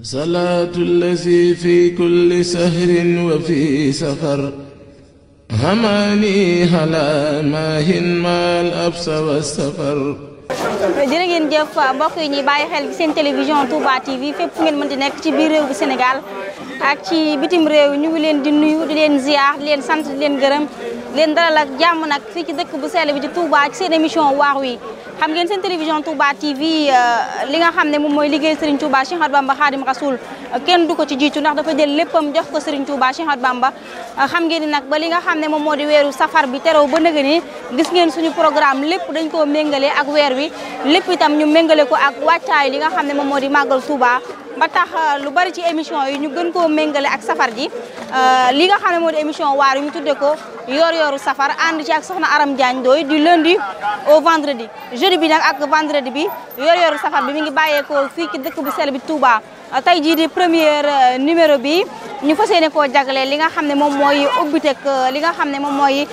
صلاة الذي في كل سهر وفي سفر هماني هلا ماهن ما الأبس والسفر jërë ngeen jëf mbokk yi ñuy bàyyi xel seen télévision Touba TV fépp fu ngeen nekk ci biir réew bi Sénégal ci bitim réew ñu leen di nuyu leen ziar leen sant leen gërëm di leen dalal ak jàmm nag fii ci dëkk bu sell bi ci Touba ci seen émission waar xam ngeen seen télévision Touba TV euh, li nga xam ne moom mooy liggéey Serigne Touba Cheikh Ahmadou Bamba Khadim Rasoul kenn du ko ci jiitu ndax dafa jël léppam jox ko Serigne Touba Cheikh Ahmadou Bamba euh, xam ngeen ni nag ba li nga xam ne moom moo di weeru safar bi teroo ba nëga ni gis ngeen suñu programme lépp dañ koo méngale ak weer wi lépp tam ñu méngale ko ak wàccaay li nga xam ne moom moo di màggal Touba ba tax euh, lu bari ci émission yi ñu gën koo méngale ak safar ji euh, li nga xam ne moo di émission waar yu ñu tudde ko yor yor safar ànd ci ak soxna Aram Diagne dooy du lundi au vendredi jeudi bi nag ak vendredi bi yoor bi mi ngi bàyyeekoo fii dëkk bu sel bi Touba tey jii di premier euh, numéro bi ñu fa yéene koo jagleel li nga xam ne moom mooy ubbiteg euh, li nga xam ne moom mooy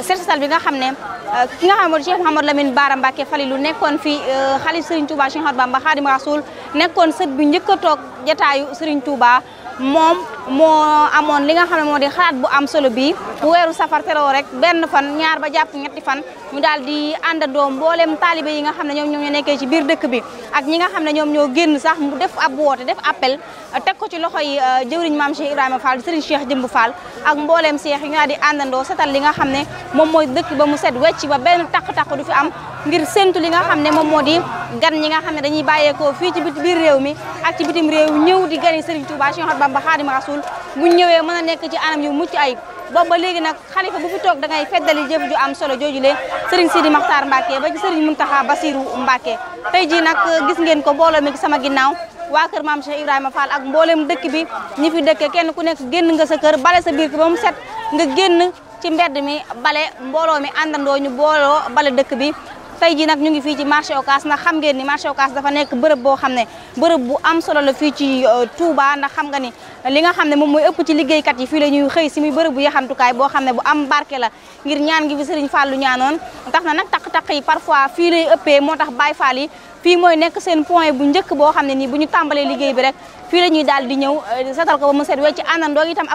set bi nga xam ne euh, ki nga xam ne mooy Cheikh Mouhamadou Lamine Bara Mbacké Falilou nekkoon fi xalif Serigne Touba Cheikh Ahmadou Bamba Khadim Rasoul nekkoon sët bi njëkk a toog jataayu Serigne Touba moom moo amoon li nga xam ne moo di xalaat bu am solo bii bu weeru safar teroo rek benn fan ñaar ba jàpp ñetti fan mu daal di àndandoo mboolem taalibe yi nga xam ne ñoom ñoo nekkee ci biir dëkk bi ak ñi nga ne ñoom ñoo génn sax mu def ab woote def appel uh, teg ko ci loxo yi uh, jëwriñ maam Cheikh Ibrahima Fall sëriñ Cheikh Jëmb faal ak mbooleem Cheikh yi ñu daal di àndandoo setal li nga xam ne moom mooy dëkk ba mu set wecci ba benn taq-taq du fi am ngir séntu li nga xam ne moom moo di gan ñi nga xam ne dañuy bàyyeekoo fii ci biir réew mi ak ci bitim réew ñëw di gani Serigne Touba Cheikh Ahmadou Bamba Khadim Rasoul bu ñëwee mën a nekk ci anam yu mucc ayib boobu ba léegi nag xalifa bu fi toog da ngay feddali jëf ju am solo jooju lee Serigne Sidi Makhtar Mbacke ba ci Serigne Mountakha Bassirou Mbacke tey jii nag gis ngeen ko mbooloo mi ci sama ginnaaw waa kër maam Cheikh Ibrahima Fall ak mboolem dëkk bi ñi fi dëkke kenn ku nekk génn nga sa kër bale sa biir ba mu set nga génn ci mbedd mi bale mbooloo mi àndandoo ñu booloo bale dëkk bi tey ji nag ñu ngi fii ci marché Ocass ndax xam ngeen ni marché Ocass dafa nekk bërëb boo xam ne bërëb bu am solo la fii ci euh, Touba ndax xam nga ni li nga xam ne moom mooy ëpp ci liggéeykat yi fii la ñuy xëy si muy bërëb bu yaxantukaay boo xam ne bu am barke la ngir ñaan ngi fi Serigne Fallou ñaanoon tax na nag taq-taq yi parfois fii lay ëppee moo tax Baye Fall yi fii mooy nekk seen point bu njëkk boo xam ne ni bu ñu tàmbalee liggéey bi rek fi la ñuy daal di ñëw euh, setal ko ba mu set wecc àndandoo itam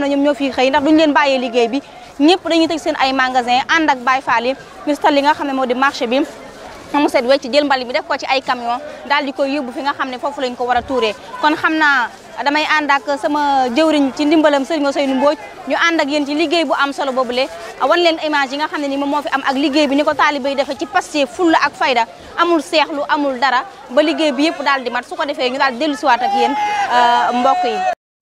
ne ñoom ñoo xëy ndax duñu leen bàyyee liggéey ñëpp dañuy tëj seen ay magasin ànd ak Baye Fall yi ñu tal li nga xam ne moo di marché bi mu set wecc jël mbali bi def ko ci ay camion daal di koy yóbbu fi nga xam ne foofu lañ ko war a tuuree kon xam naa damay ànd ak sama jëwriñ ci ndimbalam Serigne Ousseynou Mbodj ñu ànd ak yéen ci liggéey bu am solo boobule wan leen image yi nga xam ne ni moom moo fi am ak liggéey bi ñu ko taalibe defe defee ci paste fulla ak fayda amul seexlu amul dara ba liggéey bi yëpp daal di mat su ko defee ñu daal dellusiwaat ak yéen euh, mbokk yi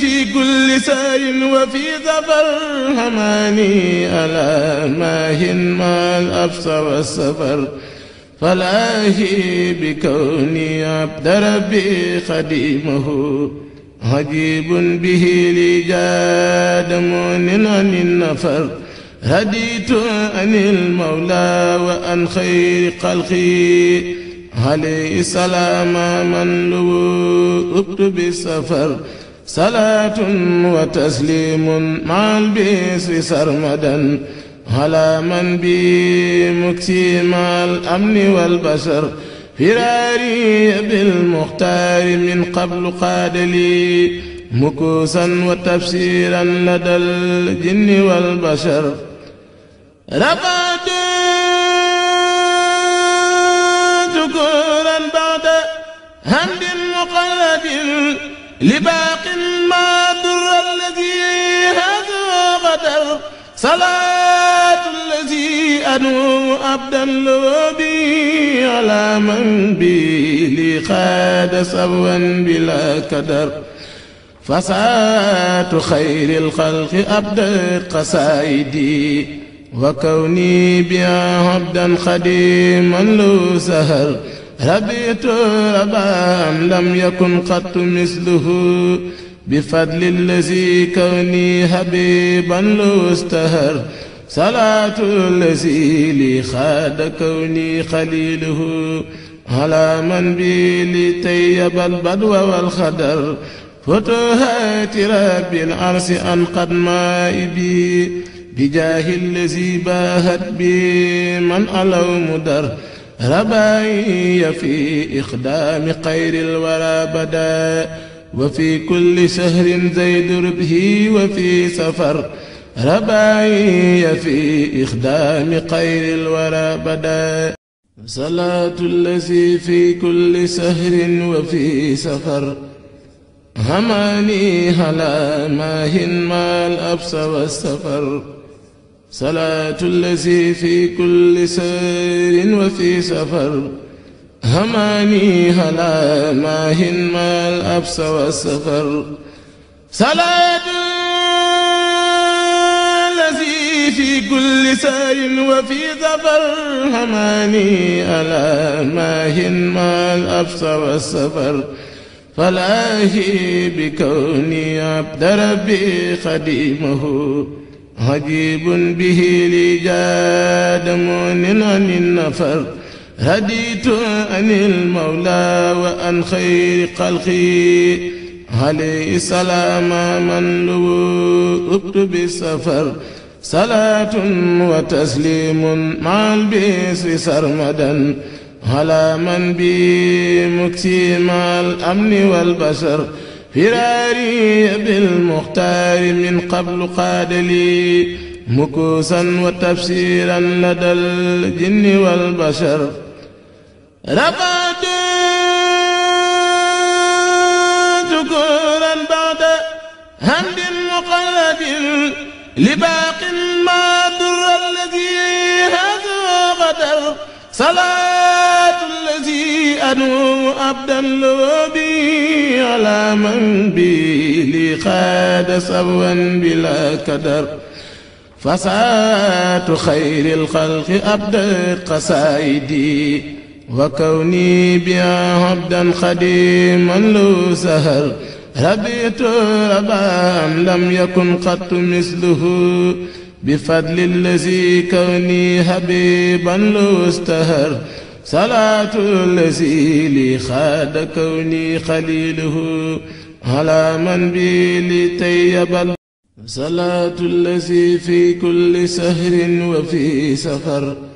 في كل سير وفي ظفر حماني ألا ماهٍ ما الأبصر والسفر فلاهي بكوني عبد ربي خديمه عجيب به لي جاد مؤن عن النفر هديت عن المولى وعن خير خلقي عليه السلام من لو أكتب السفر صلاة وتسليم مع البسر سرمدا على من بي مكسي مع الأمن والبشر فراري بالمختار من قبل قاد لي مكوسا وتفسيرا لدى الجن والبشر رقد ذكورا بعد همد مقلد لبا salaatu lazi anumu abdan lobi ala man bi li xaada sabwan bila kadar fasaatu xayril xalqi abdat qasaayidi wa kawni bi abdan xadiman lu sahar rabitu rabaan lam yakun qattu misluhu بفضل الذي كوني حبيبا لو استهر صلاة الذي لي خاد كوني خليله على من بي لطيب البدو والخدر فتوهات رب العرس أن قد مائبي بجاه الذي باهت بي من ألو مدر رباي في إخدام خير الورى بدأ wa fi kulli shahrin zayd rubhi wa fi safar rabaayi fi ixdaami xayril wara bada salaatu llazi fi kulli shahrin wa fi safar hamaani ala maahin maal absa wa safar salaatu llazi fi kulli shahrin wa fi safar هماني هلا ماهن ما الأبس والسفر صلاة الذي في كل سار وفي ظفر هماني ألا ماهن ما الأبس والسفر فلاهي بكوني عبد ربي خديمه عجيب به لي جاد مؤمن عن النفر هديت أن المولى وأن خير خلقي عليه السلام من لبوت بالسفر صلاة وتسليم مع البيس سرمدا على من بي مكسيم الأمن والبشر فراري بالمختار من قبل قاد لي مكوسا وتفسيرا لدى الجن والبشر رفعت ذكورا بعد همد مقلد لباق ما ضر الذي هذا غدر صلاة الذي أنوم أبدا لربي على من بي لقاد سوا بلا كدر فساة خير الخلق أبدت قصائدي wa kawni bi abdan xadiman lu sahal rabitu rabaan lam yakun qattu misluhu bi fadli lazi kawni habiban lu stahar salaatu lazi li xaada kawni xaliluhu ala man bi li tayyabal salaatu lazi fi kulli sahrin wa fi safar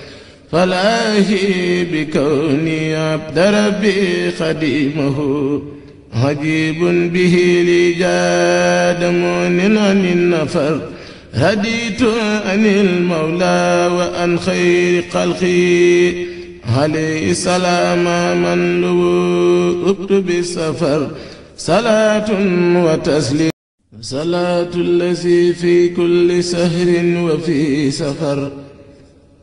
فلاهي بكوني عبد ربي خديمه عجيب به لي جاد مؤمن عن النفر هديت عن المولى وعن خير خلقي عليه السلام من لوؤت بالسفر صلاة وتسليم صلاة الذي في كل سهر وفي سفر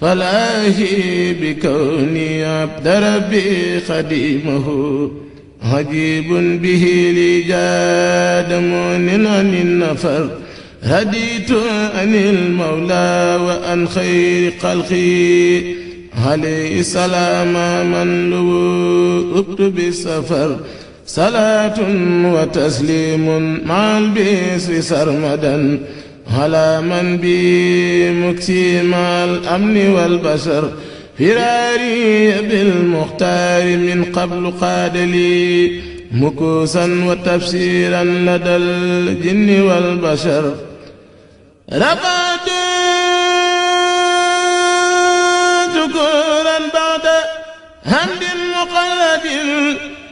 فلاهي بكوني عبد ربي خديمه عجيب به لي جاد مؤمن عن النفر هديت عن المولى وعن خير خلقي عليه السلام من لوؤت بالسفر صلاة وتسليم مع البئس سرمدا على من بي مكسيم الأمن والبشر فراري بالمختار من قبل قاد لي مكوسا وتفسيرا لدى الجن والبشر رفعت ذكورا بعد همد مقلد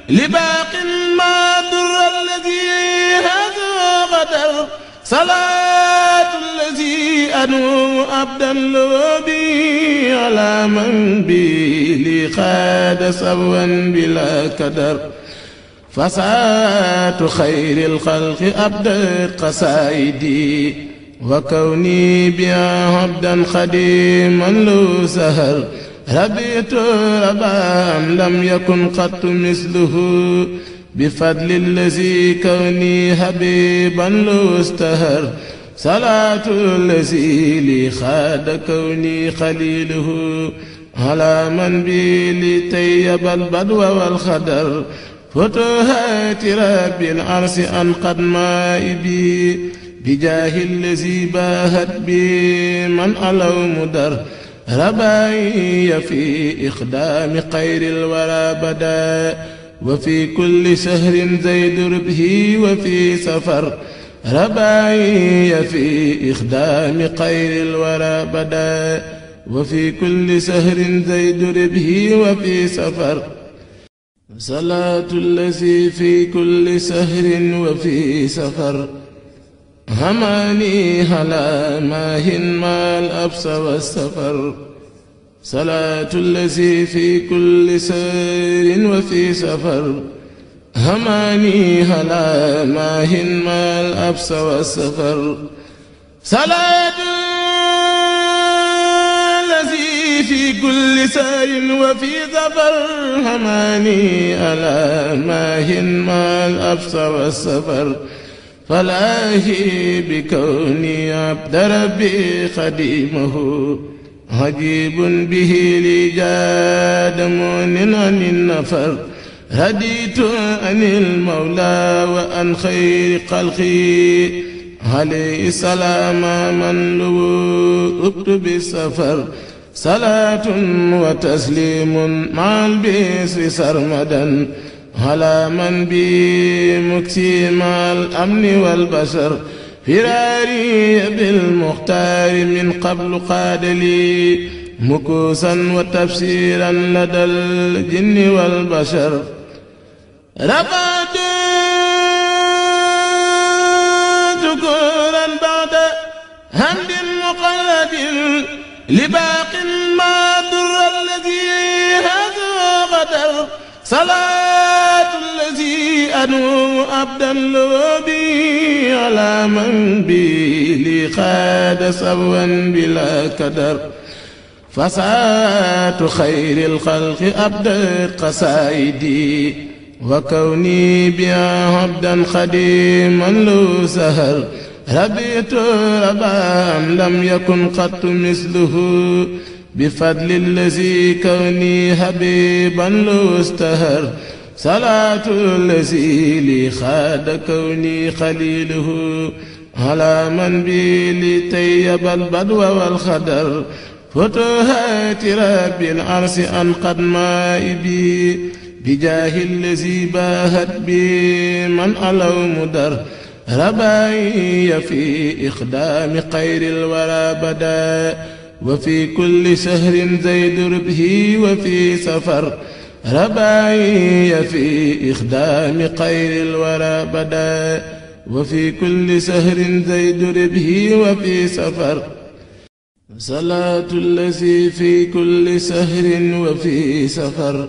لباق ما ضر الذي هذا غدر صلاه أنوم أبدا لودي على من بي لي خاد سوا بلا كدر فساة خير الخلق أبدت قصائدي وكوني بها عبدا خديما لو سهر ربيت ربا لم يكن قط مثله بفضل الذي كوني حبيبا لو استهر salaatu lazi li xaada kaw ni xaliluhu ala man bi li tayyabal badwa wal xadar futuhaati rabbil arsi an qad maa'i bi bijaahi lazi baahat bi man alaw mudar rabaaya fi iqdaami xayril wara bada wa fi kulli sahrin zayd rubhi wa fi safar رباعي في إخدام خير الورى بدا وفي كل سهر زيد ربه وفي سفر صلاة الذي في كل سهر وفي سفر هماني هلا ماهن ما الأبس والسفر صلاة الذي في كل سهر وفي سفر هماني هلا ماهن ما الأبس والسفر صلاة الذي في كل سار وفي ظفر هماني ألا ماهن ما الأبس والسفر فلاهي بكوني عبد ربي خديمه عجيب به لي جاد مؤمن عن النفر هديت أن المولى وأن خير خلقي عليه السلام من لبت بالسفر صلاة وتسليم مع البيس سرمدا على من بي مكسيم الأمن والبشر فراري بالمختار من قبل قاد لي مكوسا وتفسيرا لدى الجن والبشر رفعت شكورا بعد همد مقلد لباق ما ضر الذي هذا غدر صلاة الذي أنوم أبدا لربي على من بي لقاد سوا بلا كدر فساة خير الخلق أبدت قصائدي wa kawni bi abdan xadiman lu sahal rabitu rabam lam yakun qattu misluhu bi fadli lazi kawni habiban lu stahar salaatu lazi li xaada kawni xaliluhu ala man bi li tayyabal badwa wal xadar futuhaati rabbil arsi an qad maa ibi بجاه الذي باهت بي من ألو مدر رباي في إخدام خير الورى بدا وفي كل سهر زيد ربه وفي سفر رباي في إخدام خير الورى بدا وفي كل سهر زيد ربه وفي سفر صلاة الذي في كل سهر وفي سفر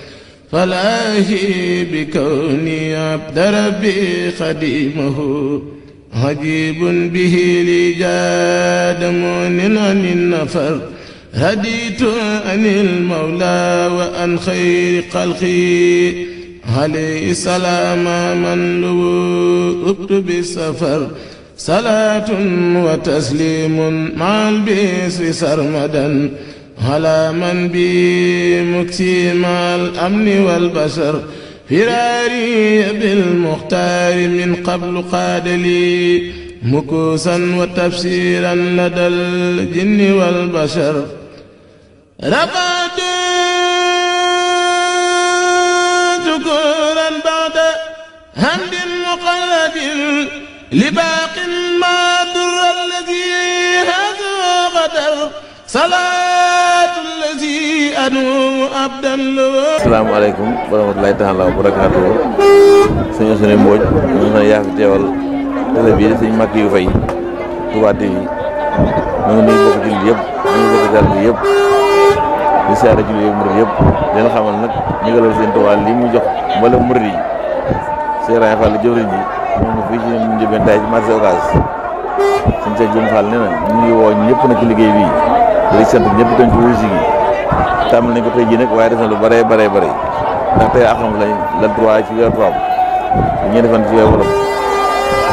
فلاهي بكوني عبد ربي خديمه عجيب به لي جاد مؤمن عن النفر هديت عن المولى وعن خير خلقي عليه السلام من لوؤت بالسفر صلاة وتسليم مع البئس سرمدا على من بي مكسيم الأمن والبشر فراري بالمختار من قبل قاد لي مكوسا وتفسيرا لدى الجن والبشر رفعت ذكورا بعد همد مقلد لباق ما در الذي هذا غدر صلاه asalaamaaleykum wa rahmatulahi taala wa barakaatu sëñ Ousseynou Mbodj ñu ngi yaa fi teewal télé bii sëñ màkk yu fay Touba TV ñu ngi nuyu bokk jullit ngi bokk jàll bi yëpp di yëpp murid yëpp leen ñu ngi seen Touba li mu jox wala murid yi Serigne Fall jëwriñ ji moom fii ci ñu jëmee tay ci marché Ocass suñ sa jëm Fall nee na ñu ngi woo ñëpp nag ci liggéey bii di sant ñëpp dañ ko wuyu si gi tàmbali nañ ko tey jii nag waaye def na lu bëree bëree bëri ndax tey axam lañ la droit ci weeru tubaab bu ñu defan ci weeru wolof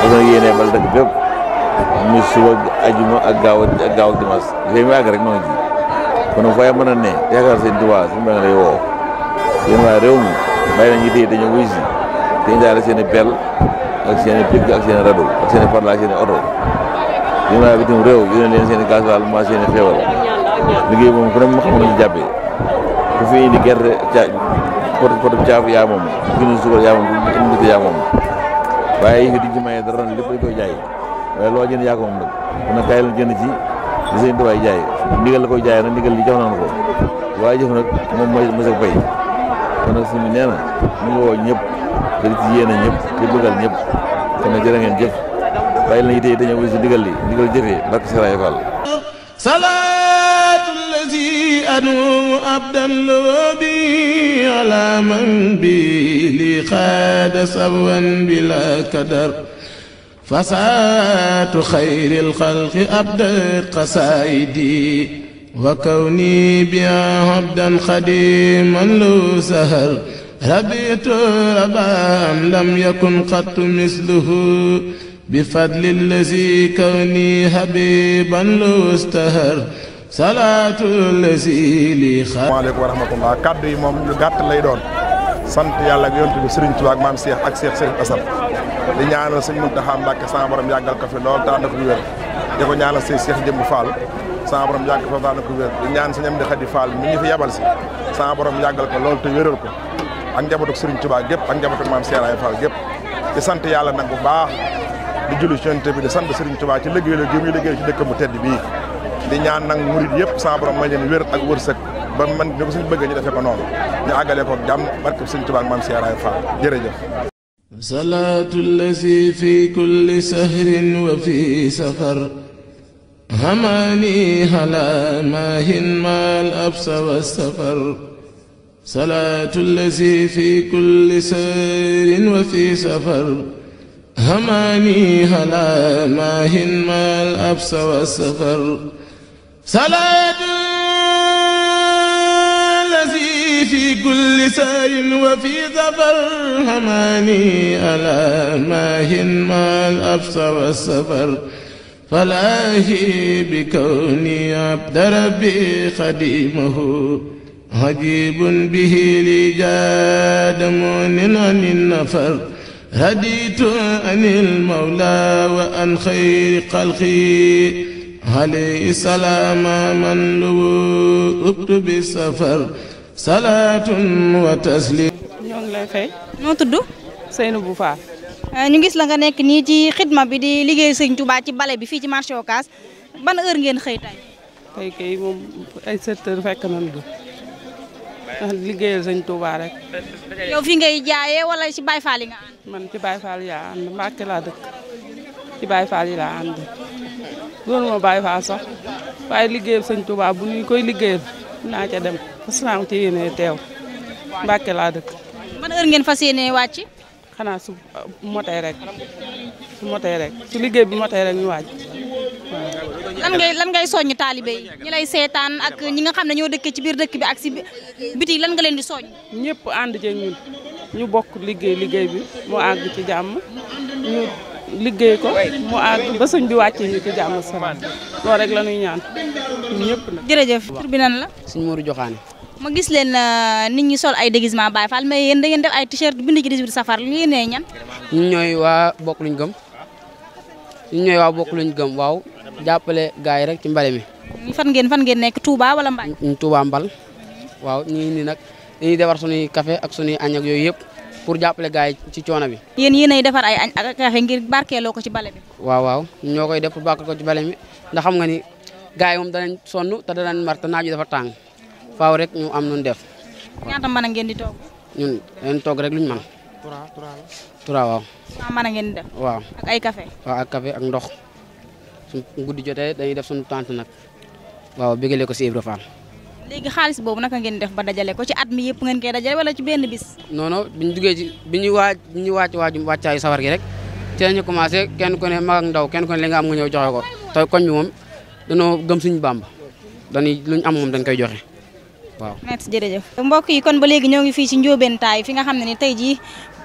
dañoo yéenee bal dëkk bépp muy suba ajuma ak gaaw ak gaaw ak dimanche léegi mu àgg rek ma ngi ji kon fooy mën a ne yaakaar seen droit suñu mbéy mi lay woo yéen waa réew mi bàyyi nañ yitte dañoo wuy si te indaale seen i pelle ak seen i picc ak seen i radeau ak seen i farla ak seen i oto yéen waa bitim réew yéen leen seen i gasoil mbaa seen i feewal liggéey moom ku ne ma xamoon ci jàppe ku fi indi yaa moom ku fi indi suukar yaa moom ku fi indi dugub yaa moom waaye yi fi di ci maye dara lépp dañ koy jaay waaye loo jënd yaa ko moom nag kon nag kaay la jënd ci li seen tubaay jaay ndigal la koy jaay nag ndigal li jox ko waaye jëf nag moom mooy mos a bay kon nag suñu nee na ñu ngi woo ñëpp te ci yéene ñëpp te bëggal ñëpp kon nag jërë ngeen jëf bàyyi la ñuy téye dañoo wuyu si ndigal li ndigal jëfee barke Sëriñ أنوم أبدا لربي على من بي لي خاد سبوا بلا كدر فساة خير الخلق أبدت قصائدي وكوني بها عبدا خديما لو سهر ربيت ربا لم يكن قط مثله بفضل الذي كوني حبيبا لو استهر salaatul lazi li salaamaaleykum wa rahmatullah kàddu moom lu lay doon sant yàlla ak yonent bi Serigne Touba ak maam Cheikh ak Cheikh Serigne Assane di ñaanal Serigne Mountakha Mbacké sama borom yàggal ko fi lool tax na ko fi wér di ko ñaanal Serigne Cheikh Jëmb Fall sama borom yàgg fa tax na ko wér di ñaan Serigne Amdi Khady Fall mi ñu fi yabal si sama borom yàggal ko lool te wéral ko ak njabootu Serigne Touba gépp ak njabootu maam Cheikh Ibra Fall di sant yàlla nag bu baax di julli ci yonent bi di sant Serigne Touba ci liggéey la gi muy ci dëkk bu tedd bii di ñaan nag murit yëpp sa borom may leen wér ak wërsëg ba man ñu ko suñu bëgg ñu defee ko noonu ñu àggale ko jàmm barke Sëñ Tuubaa ak Maam Seeraay Faal jërëjëf fi kulli sahrin wa fi safar هماني هلا ماهن ما الأبس والسفر صلاة الذي salaat allazi fi kulli saarin wa fi safar xamaani ala maahin maal absar safar falaahi bi kawni abda rabbi xadimahu ajibun bihi li jaada moonin an nafar raditu an il mawla wa an xayri xalqi عليه سلام من لبوت بسفر صلاة وتسليم ñoo ngi lay fay. noo tudd. Seynabou Fall. Euh, ñu gis la nga nekk nii ci xidma bi di liggéey sëñ Touba ci bale bi fii ci marché Ocass ban heure ngeen xëy tey. tey kay moom ay 7 fekk nañu ko ndax sëñ Touba rek. yow fi ngay jaayee wala ci Baye Fall yi nga man ci Baye Fall yaa ànd Mbàkke laa dëkk ci Baye Fall laa ànd. doonu ma bàyyi faal sax waaye liggéeyal sëñ Touba bu ñu koy liggéeyal naa ca dem fas naa ci yéene teew Mbàkke laa dëkk. ban heure ngeen fas yéene wàcc. xanaa su motee rek su motee rek su liggéey bi motee rek ñu wàcc lan ngay lan ngay soññ taalibe yi ñi lay seetaan ak ñi nga xam ne ñoo dëkkee ci biir dëkk bi ak si biti lan nga leen di soññ ñëpp ànd ci ñu bokk liggéey liggéey bi moo àgg ci jàmm ñu liggéey ko mu ba sëñ bi wàcce ñu ci jàmm salaam loolu rek la ñuy ñaan ñun ñëpp nag. jërëjëf tur bi nan la. suñu Modou Joxaane. ma gis leen euh, ni ñi sol ay déguisement Baye Fall mais yéen da ay t-shirt bind ci 18 safar lu yéenee ñan. ñu ñooy waa bokk luñ gëm ñu ñooy waa bokk luñ gëm waaw jàppale gars yi rek ci mbale mi. fan ngeen fan ngeen nekk Touba wala Mbaye. Touba Mbal waaw ñu ngi nii nag dañuy defar suñuy kafe ak suñuy añ ak yooyu yëpp. pour jàppale gars yi ci coono bi. yéen yéenay defar ay añ ak ngir barkeeloo ko ci bale bi. waaw waaw ñoo koy def pour barkeel ko ci bale bi ndax xam nga ni gars yi moom danañ sonn te danañ mar te naaj bi dafa tàng faaw rek ñu am nun def. ñaata mën a ngeen di toog ñun rek lu ñu mën. trois trois ngeen def. waaw ay café. waaw ak ndox suñ guddi jotee dañuy def suñu tante nag waaw bégale ko si Ibra léegi xaalis boobu naka ngeen def ba dajale ko ci at mi yëpp ngeen koy dajale wala ci benn bis. non bi ñu duggee ci bi ñuy gi rek ci la ñu commencé kenn ku ne mag ak ndaw kenn ku ne li nga am nga ñëw bi moom dañoo gëm suñu bàmb dañuy luñ am moom dañ koy joxe. waaw merci yi kon ba léegi ñoo ngi fii ci njóobentaay fi nga xam ne ni tey jii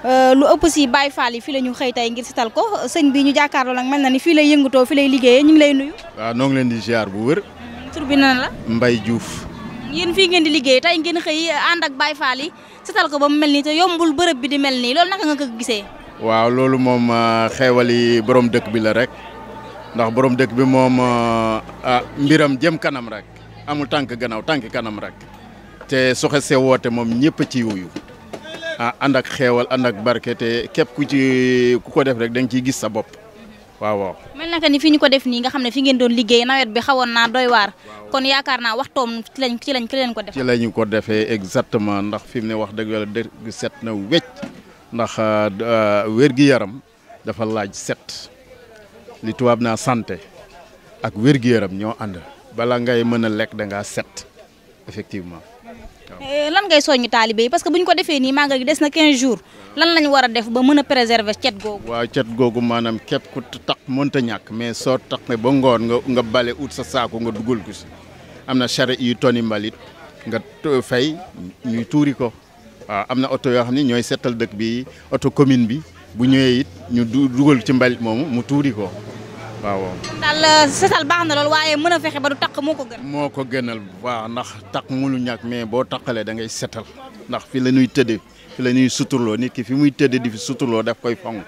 euh, lu ëpp si Baye Fall yi fii la ñu xëy ko sëñ ñu jàkkaarloo nag mel na ni fii lay yëngatoo fii lay liggéeyee ñu ngi lay nuyu. waaw noo ngi leen di ziar bu wër. tur bi nan la. Mbaye Diouf. yéen fii ngeen di liggéey tey ngeen xëy ànd ak Baye Fall yi setal ko ba mu mel nii te yombul bërëb bi di mel nii loolu naka nga ko gisee. waaw loolu moom euh, xeewal yi borom dëkk bi la rek ndax borom dëkk bi moom euh, ah mbiram jëm kanam rek amul tànk gannaaw tànk kanam rek te soxe see woote moom ñëpp ci wuyu a ah, ànd ak xeewal ànd ak barke te képp ku ci ku ko def rek da nga ciy gis sa bopp. waaw waaw mel na ni fi ñu ko def nii nga xam ne fi ngeen doon liggéey nawet bi xawoon naa doy waar kon yaakaar naa waxtoom ci lañ ci leen ko def ci lañu ko defee exactement ndax fi mu ne wax dëgg yàlla dëgg set na wecc ndax euh, wér-gi-yaram dafa laaj set li tubaab naa santé ak wér-gi-yaram ñoo ànd bala ngay mën a lekk da ngaa set effectivement Eh, lan ngay soññu taalibe yi parce que bu ñu ko defee nii màggal gi des na 15 jours lan lañ war a def ba mën a préserver cet googu. waaw cet googu maanaam képp ku tax mënta ñàkk mais soo tax ne ba ngoon nga nga bale ut sa saako nga dugal ko si am na charrette yu tonni mbalit nga fay ñuy tuuri ko waaw am na oto yoo xam ne ñooy seetal dëkk bi oto commune bi bu ñëwee it ñu dugal ci mbalit moomu mu tuuri ko. waaw waaw. kon euh, setal baax na lool waaye mën a fexe ba du taq moo ko gën. moo ko gënal waaw ndax taq mulu ñàkk mais boo taqalee da ngay setal ndax fi la ñuy tëddee fi la ñuy suturloo nit ki fi muy tëdd di fi suturloo daf koy fonk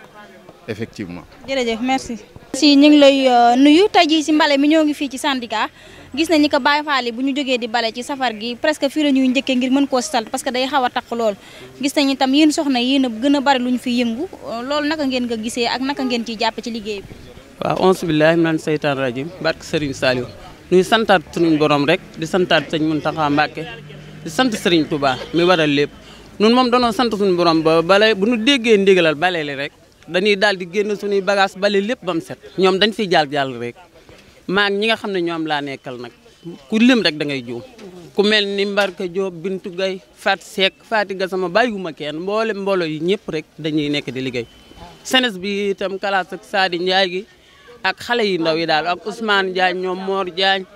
effectivement. jërëjëf merci. si ñu ngi lay euh, nuyu tey ci mbale mi ñoo ngi fii ci syndicat gis nañ ni ko Baye Fall yi bu ñu jógee di bale ci safar gi presque fii la ñuy njëkkee ngir mën koo setal parce que day xaw a taq lool gis nañ itam yéen soxna yéen a gën a bari lu ñu fi yëngu euh, loolu naka ngeen ko gisee ak naka ngeen ciy jàpp ci liggéey waaw onze billahi minan seytaan rajim barke Serigne Saliou nuy santaat suñu borom rek di santaat sëñ Mountakha Mbacké di sant Serigne Touba mi waral lépp nun moom danoo sant suñu borom ba bale bu ñu déggee ndigalal bale li rek dañuy daal di génn suñuy bagage bale lépp ba set ñoom dañ fiy jaal jaal rek maa ñi nga xam ne ñoom laa nekkal nag ku lim rek da ngay juum ku mel ni mbarke joo Bintu Gay Fat Seck Fatick sama bàyyiwuma kenn mboole mboolo yi ñëpp rek dañuy nekk di liggéey ak xale yi ndaw yi daal ak Ousmane Diagne ñoom Mor Diagne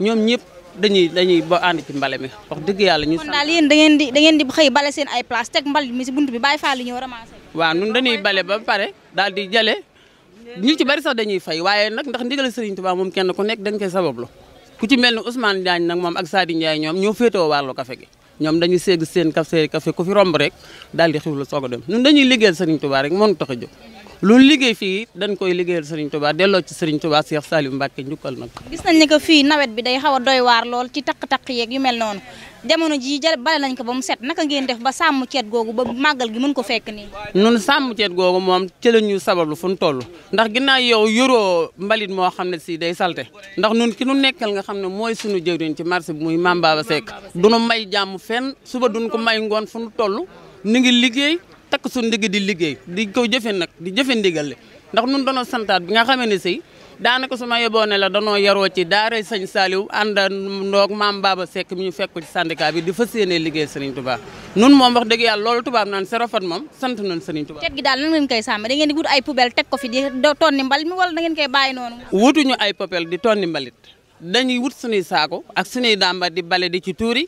ñoom ñëpp dañuy dañuy bo ànd ci mbale mi wax dëgg yàlla ñu. kon daal da ngeen di da ngeen di xëy bale seen ay place teg mbal mi si buntu bi bàyyi faa li ñëw ramassé. waaw ñun dañuy bale ba pare daal di fay waaye nag ndax ndigal Serigne Touba moom kenn ku nekk dañ koy sabablu ku ci mel ni Ousmane Diagne nag moom ak Sadi Ndiaye ñoom ñoo féetewoo wàllu café gi ñoom dañu ségg seen café ka ku fi romb rek daal di xiwlu soog a dem ñun dañuy liggéeyal Serigne Touba rek moo tax a loolu liggéey fii dañ koy liggéeyal Serigne Touba delloo ci Serigne Touba Cheikh Saliou Mbacke njukkal nag. gis nañ ne que fii nawet bi day xaw a doy waar lool ci takk-takk yeeg yu mel noonu jamono jii jël bale nañ ko ba mu set naka ngeen def ba sàmm ceet googu ba màggal gi mën ko fekk nii. ñun sàmm ceet googu moom ci la ñu sabablu fu ñu toll ndax ginnaaw yow yoroo mbalit moo xam ne si day salte ndax nun ki nu nekkal nga xam ne mooy suñu jëwriñ ci marché bi muy Mame Baba Seck duñu may jàmm fenn suba duñ may ngoon fu ñu toll ni ngi liggéey takk suñu ndigg di liggéey di ko jëfe nag di jëfe ndigal li ndax nun danoo santaat bi nga xamee ne si daanaka su ma yeboo ne la danoo yaroo ci daara sëñ Saliou ànd ndoog maam Baba Seck mi ñu fekk ci syndicat bi di fas yéenee liggéey Serigne Touba nun moom wax dëgg yàlla loolu tubaab naan sa moom sant nañ Serigne Touba. tet gi daal nan ngeen koy sàmm da ngeen di wut ay poubelle teg ko fi di tonni mbalit mi wala da ngeen koy bàyyi noonu. wutuñu ay poubelle wut suñuy saako ak suñuy dàmba di bale di ci tuuri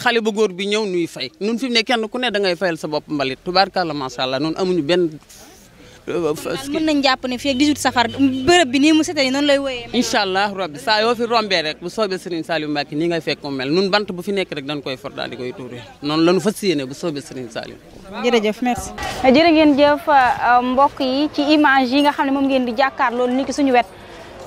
xale bu góor bi ñëw nuy fay nun fi mu ne kenn ku ne da ngay fayal sa bopp mbalit tubaarkàlla macha allah noonu amuñu benn. Euh, mën nañ jàpp ne fii di 18 safar bërëb bi nii mu setee noonu lay wooyee. incha allah rabbi saa yoo fi rombee rek bu soobee Serigne Saliou Mbacke nii ngay fekk mu mel nun bant bu fi nekk rek dañ koy for daal di koy tuuri noonu la ñu fas yéene bu soobee Serigne Saliou. jërëjëf merci. jëf mbokk yi ci image nga xam ne moom ngeen di jàkkaarloo ni ki suñu wet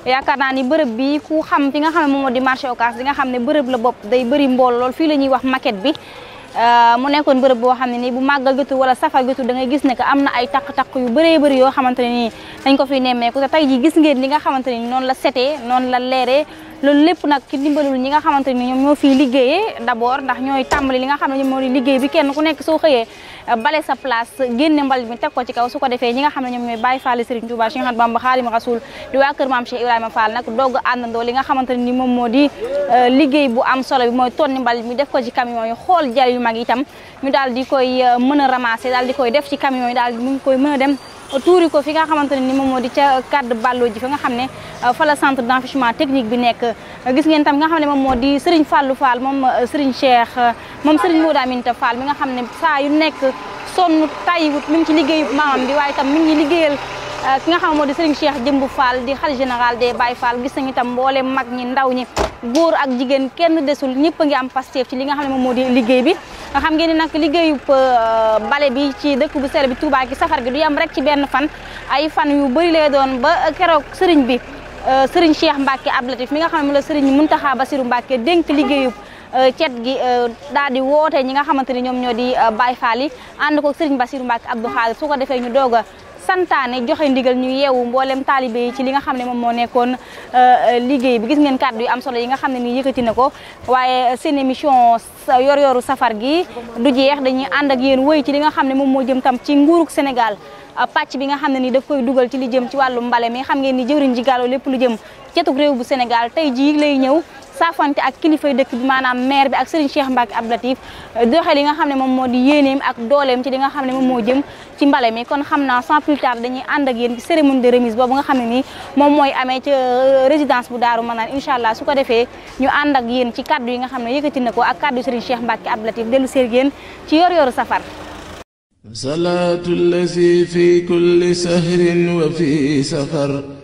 yaakaar naa ni bërëb bi ku xam fi nga xam ne moom moo di marché nga xam ne bërëb la bopp day bëri mbool lool fii la ñuy wax maquette bi euh, mu nekkoon bërëb boo xam ne ni bu màggal jotul wala safar jotul da gis ne que am na ay takk-takk yu bëree bëri yoo xamante ne nii dañ ko fi nemmeeku te tey ji ngeen li nga ni noonu la setee noon la leere loolu lépp nag ci dimbalul ñi nga xamante ni ñoom ñoo fiy liggéeyee d'abord ndax ñooy tàmbali li nga xam ne ñoom moo di liggéey bi kenn ku nekk soo xëyee bale sa place génne mbal mi teg ko ci kaw su ko defee ñi nga xam ne ñoom ñooy bàyyi faale Serigne Touba Cheikh Ahmadou Bamba Xaadimu Rasuul di waa kër maam Cheikh Ibrahima Fall nag dogg àndandoo li nga xamante ne ni moom moo di euh, liggéey bu am solo bi mooy tonni mbal mi def ko ci camion yi xool jal yu mag itam ñu daal di koy euh, mën a ramasser daal di koy def ci camion yi daal di mu koy mën dem tuuri ko fi nga xamante ne ni moom moo di ca cadre ballo ji fi nga xam ne euh, fa la centre d'enrichissement technique bi nekk gis ngeen tam nga xam ne moom moo di Serigne Fallou Fall moom euh, Serigne Cheikh euh, moom Serigne Modou Aminta Fall mi nga xam ne saa yu nekk sonn tayiwut mi ngi ci liggéeyub maamam bi waaye tam mi ngi liggéeyal ki nga xam moo di Serigne Cheikh Jëmb Fall di xalifa général des Baye Fall gis nañu tam mboolem mag ñi ndaw ñi góor ak jigéen kenn desul ñëpp ngi am Pastef ci li nga xam ne moom moo di liggéey bi nga xam ngeen ni nag liggéeyu euh, bale bi ci dëkk bu sell bi Touba gi safar gi du yem rek ci benn fan ay fan yu bëri lay doon ba keroog sëriñ bi euh, sëriñ Cheikh Mbacke Ablatif mi nga xam ne la sëriñ Mountakha basiru Mbacke dénk liggéeyub euh, cet gi daal di woote ñi nga xamante ni ñoom ñoo di Baye Fall yi ànd ko sëriñ Bassirou Mbacke Abdou Khadir su ko defee ñu doog santaane joxe ndigal ñu yeewu mboolem taalibe yi ci li nga xam ne moom moo nekkoon euh, euh, liggéey bi gis ngeen kàddu yu am solo yi nga xam ne nii yëkkati na ko waaye seen émission yor yoru safar gi du jeex dañuy ànd ak yéen woy ci li nga xam ne moom moo jëm tam ci nguurug Sénégal pàcc bi nga xam ne ni daf koy dugal ci li jëm ci wàllu mbale mi xam ngeen ni jëwriñ ji gàlloo lépp lu jëm cetug réew bu Sénégal tey jii lay ñëw saafante ak kilifa yu dëkk bi maanaam maire bi ak Serigne Cheikh Mbacke Abdou Latif euh, doxe li nga xam ne moom moo di yéeneem ak dooleem ci li nga xam ne moom moo jëm ci mbale mi kon xam na sans plus tard dañuy ànd ak yéen ci cérémonie de remise boobu nga xam ne nii moom mooy amee ca euh, résidence bu Daaru Manaan incha allah su ko defee ñu ànd ak yéen ci kaddu yi nga xam ne yëkkati na ko ak kaddu Serigne Cheikh Mbacke Abdou Latif dellu seer yéen ci yor yoru safar salaatu llazi fi kulli sahrin wa fi safar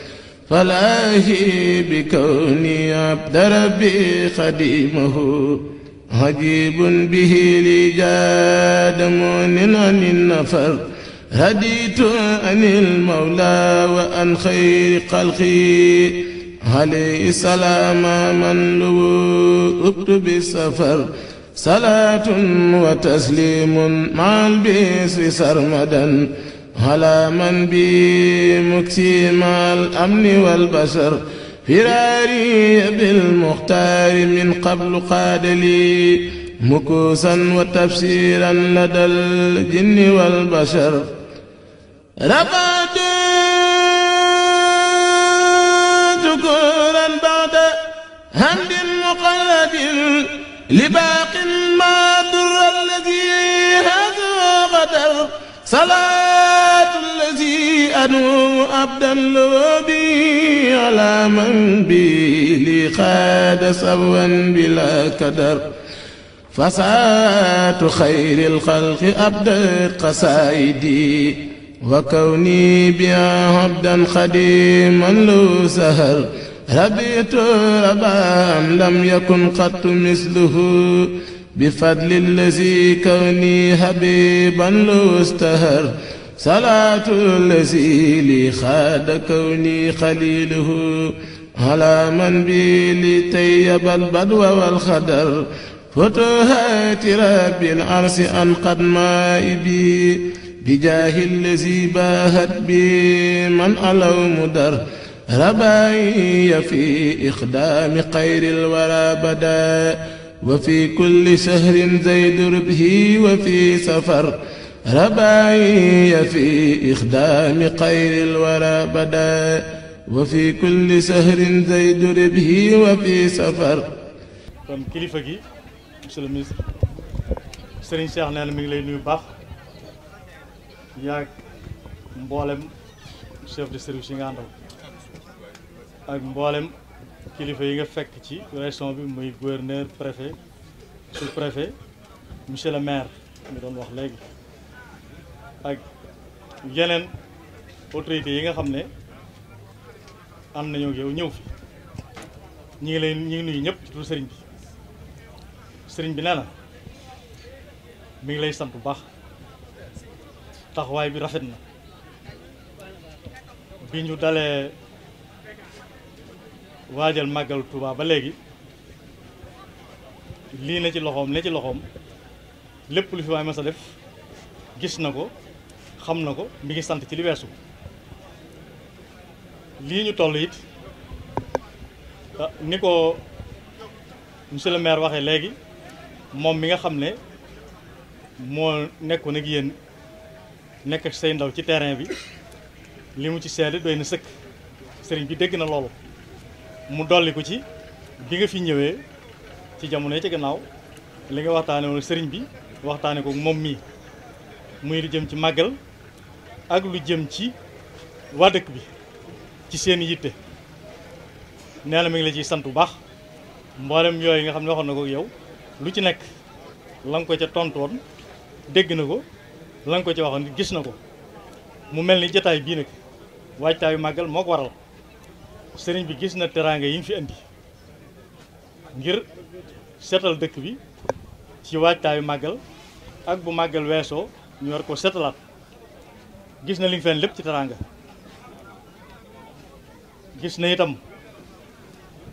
فلاهي بكوني عبد ربي خديمه عجيب به لي جاد مؤمن عن النفر هديت عن المولى وعن خير خلقي عليه السلام من لوؤت بالسفر صلاة وتسليم مع البئس سرمدا على من بي مكسيم الأمن والبصر فراري بالمختار من قبل قاد لي مكوسا وتفسيرا لدى الجن والبشر رفعت ذكورا بعد همد مقلد لباق ما ضر الذي هذا غدر صلاه أدعو عبدا لربي على من بي لي خاد سرا بلا كدر فساة خير الخلق أبدت قصائدي وكوني بها عبدا خديما لو سهر ربيت ربا لم يكن قط مثله بفضل الذي كوني حبيبا لو استهر salaatu lazi li xaada kaw ni xaliluhu ala man bi li tey yabal badwa wal xadar fotohaati rabbil arsi an qad maayi bi bi jaahi lazi baahat bi man alaw mu dar rabaaya fi ixdaami xayril wara bada wa fi kulli sahrin zayd rubhi wa fi safar رباعي في إخدام خير الورى بدا وفي كل سهر زيد ربه وفي سفر kon kilifa gi monsieur le ministre mi ngi lay nuyu baax yaag mboolem chef de service yi nga àndal ak mboolem kilifa yi nga fekk ci région bi muy gouverneur préfet sous monsieur le maire mi doon wax léegi ak yeneen autorités yi nga xam ne ànd nañoo ak yow ñëw fi ñu ngi lay ñu ngi nuyu ñëpp ci turu sëriñ bi sëriñ bi nee na mi ngi lay sant bu baax taxawaay bi rafet na bi ñu dalee waajal màggal Touba ba léegi lii ne ci loxoom ne ci loxoom lépp lu fi waay mas a def gis na ko xam na ko mi ngi sant ci li weesu lii ñu toll it ah, ni ko monsieur le maire waxee léegi moom mi nga xam ne moo nekkoon ak yéen nekk say ndaw ci terrain bi li mu ci seede doy na sëkk sëriñ bi dégg na loolu mu dolli ko ci bi nga fi ñëwee ci jamono yi ci gannaaw li nga waxtaane woon sëriñ bi waxtaane ko moom mii muy lu jëm ci màggal ak lu jëm ci waa dëkk bi ci seen yitte nee na mi ngi la ciy sant bu baax mboolem yooyu nga xam ne waxoon na ko yow lu ci nekk la ko ca tontoon dégg na ko lan ko ca waxoon gis na ko mu mel ni jataay bii nag waajtaayu màggal moo ko waral sëriñ bi gis na teraanga yi ñu fi indi ngir seetal dëkk bi ci waajtaayu màggal ak bu màggal weesoo ñu war ko seetalaat gis na li ñu lépp ci teraanga gis na itam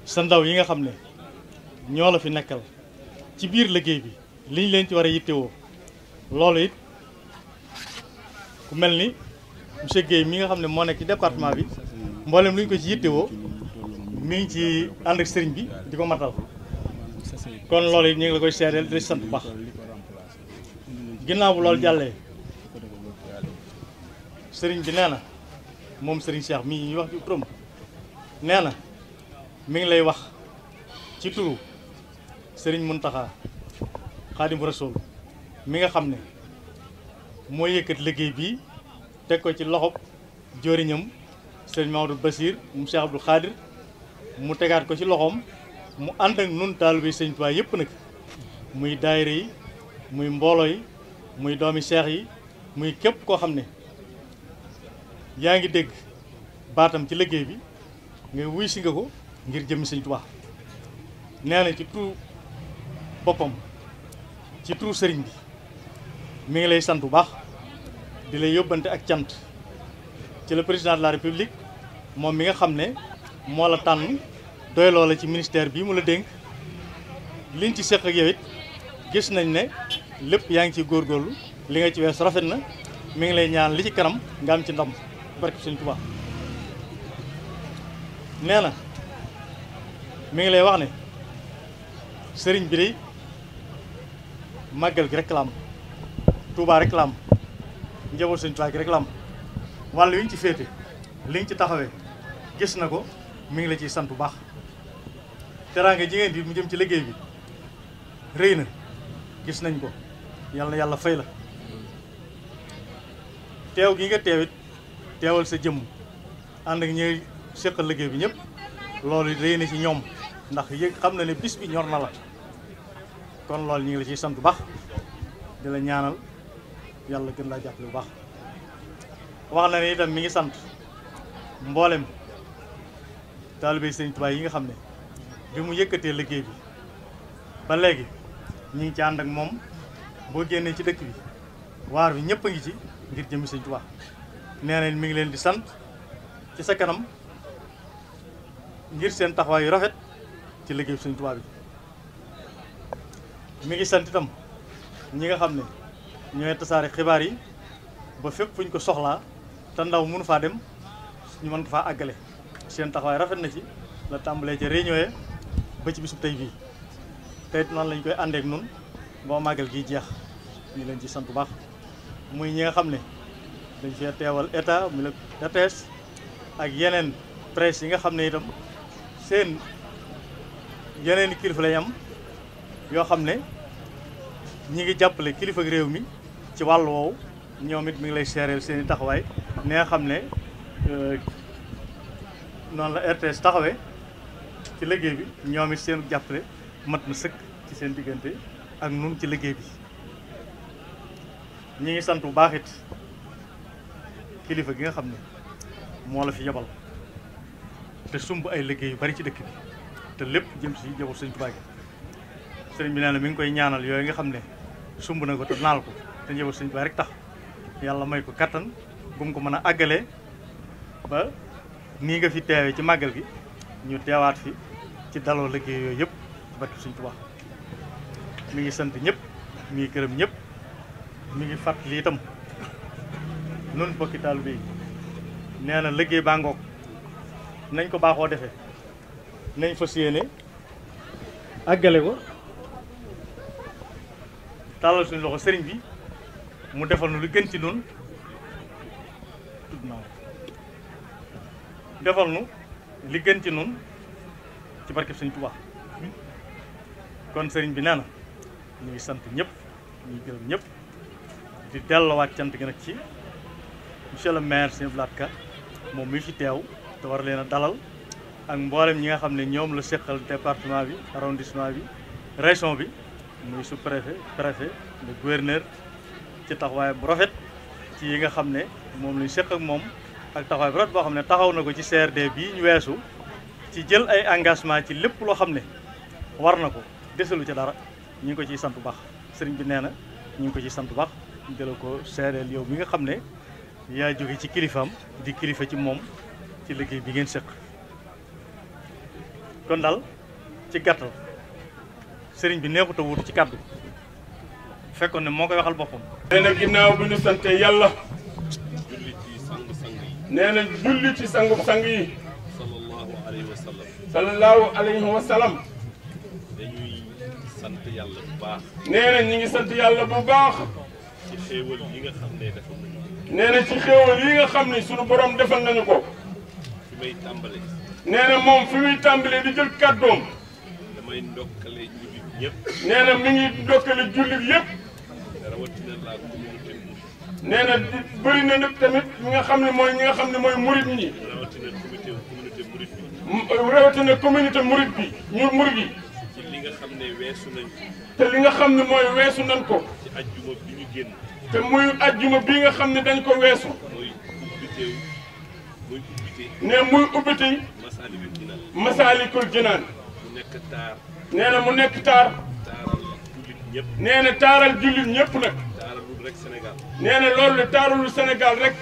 sa ndaw yi nga xam ne ñoo la fi nekkal ci biir liggéey bi li ñu leen ci war a yittewoo loolu it ku mel ni monsieur Guèye mi nga xam ne moo nekk ci département bi mboolem lu ñu ko ci yittewoo mi ngi ci ànd ak sëriñ bi di ko matal kon loolu yi ñu la koy seedeel di sant bu baax ginnaaw bu loolu jàllee. sëriñ bi nee na moom sëriñ Cheikh mii ñuy wax ci turam nee na mi ngi lay wax ci turu sëriñ Muntaxa Xaadimu Rasuul mi nga xam ne moo yëkkat liggéey bi teg ko ci loxob jooriñam sëriñ Mamadou Basir mu Cheikh Abdou Khadir mu tegaat ko ci loxoom mu ànd ak nun taalibe sëriñ Tuubaa yëpp nag muy daayira yi muy mboolooy muy doomi Cheikh yi muy képp koo xam ne yaa ngi dégg baatam ci liggéey bi nga wuy singa ko ngir jëmm sëñ Tuubaa nee nañ ci turu boppam ci turu sëriñ bi mu ngi lay sant bu baax di lay yóbbante ak cant ci la président de la république moom mi nga xam ne moo la tànn doy loo la ci ministère bi mu la dénk liñ ci seq ak yow gis nañ ne lépp yaa ngi ciy góorlu li nga ci wees rafet na mu ngi lay ñaan li ci kanam nga am ci ndam barke Sëñ Tuubaa nee na mu ngi lay wax ne sëriñ bi day màggal gi rek la am Tuubaa rek la am njaboot Sëñ gi rek làmb am wàll wi ñu ci féete li ñu ci taxawee gis na ko mu ngi la ciy sant bu baax teraanga jigéen bi mu jëm ci liggéey bi rëy na gis nañ ko yàlla yàlla fay la teew gi nga teewit teewal sa jëmm ànd ak ñooy seqal liggéey bi ñëpp loolu rëy na ci ñoom ndax yëg xam na ne bis bi ñor na la kon loolu ñu ngi la ciy sant bu baax di la ñaanal yàlla gën laa jàppale bu baax wax na ne itam mi ngi sant mboolem taalibe Sëriñ Tuubaa yi nga xam ne bi mu yëkkatee liggéey bi ba léegi ñu ngi ci ànd ak moom boo génnee ci dëkk bi waar bi ñëpp a ngi ci ngir jëmi Sëriñ Tuubaa nee na mi ngi leen di sant ci sa kanam ngir seen taxawaay yu rafet ci liggéey Sëriñ Tuubaa bi mi ngi sant itam ñi nga xam ne ñooy tasaare xibaar yi ba fépp fu ñu ko soxlaa te ndaw mënu faa dem ñu mën ko faa àggale seen taxawaay rafet na ci la tàmbalee ci réunion ya ba ci tey bii tey it noonu lañ koy àndeek noonu boo màggal gi jeex ñu leen ci sant bu baax muy ñi nga xam ne dañ see teewal état mu la RTS ak yeneen presse yi nga xam ne itam seen yeneen kilifa lañ am yoo xam ne ñi ngi jàppale kilifa réew mi ci wàll woow ñoom it mi ngi lay seereel seen i taxawaay ne xam ne euh, noonu la RTS taxawe ci liggéey bi ñoom seen jàppale mat na sëkk ci seen diggante ak nun ci liggéey bi ñi ngi sant bu baaxit kilifa gi nga xam ne moo la fi yabal te sumb ay liggéey bari ci dëkk bi te lépp jëm si jabal sëñ Tuubaa bi nee na mi ngi koy ñaanal yooyu nga xam ne sumb na ko ko te jabal sëñ Tuubaa tax yàlla may ko kattan gum ko mën a àggale ba nii nga fi teewee ci màggal gi ñu teewaat fi ci daloo liggéey yooyu yëpp ci barke sëñ Tuubaa mi ngi sant ñëpp mu ngi gërëm ñëpp mi ngi fàttali itam noonu bokki taalibe bi nee na liggéey baa ngoog nañ ko baaxoo defe nañ fas yéene àggale ko tàllal suñu loxo sëriñ bi mu defal nu li gën ci noonu tudd naa defal nu li gën ci noonu ci barkeb sëriñ Tuubaa kon sëriñ bi nee na ñu ngi sant ñëpp ñu ngi gërëm ñëpp di delluwaat cant gi nag ci monsieur le maire Cheikh Abdou Lahad Ka moom mi fi teew te war leen a dalal ak mboolem ñi nga xam ne ñoom la seqal département bi arrondissement bi région bi muy sous préfet préfet le gouverneur ci taxawaay bu rafet ci yi nga xam ne moom lañ seq ak moom ak taxawaay bu rafet boo xam ne taxaw na ko ci CRD bi ñu weesu ci jël ay engagement ci lépp loo xam ne war na ko desalu ca dara ñu ngi ko ciy sant bu baax sëriñ bi nee na ñu ngi ko ci sant bu baax jëla ko seedeel yow mi nga xam ne yaa jóge ci kilifaam di kilifa ci moom ci liggéey bi ngeen sëq kon daal ci gàttal sëriñ bi neexut a ci kàddu fekkoon ne moo koy waxal boppam. nee na ginnaaw bi ñu sant yàlla. julli nee na julli ci sang-sang yi. sallallahu alayhi wa yàlla bu nee na ñu ngi sant yàlla bu baax. nee na ci xéewal yi nga xam ne sunu borom defal nañu ko. fi nee na moom fi muy tàmbalee di jël kàddoom. damay ndokkale jullit ñëpp. nee na mi ngi ndokkale jullit yëpp. rawatina la communauté na bëri na nag tamit ñi nga xam ne mooy ñi nga xam ne mooy murit ñi. rawatina comité communauté murit bi. ñu murit yi. li nga xam ne weesu te li nga xam ne mooy weesu nañ ko. ci ajjuma bi ñu génn. te muy ajjuma bii nga xam ne dañ ko weesu. ne muy ubbiti. masaalikul jinaan. nee na mu nekk taar. nee na taaral jullit ñëpp nag. nee na loolu la taaralul Sénégal rek.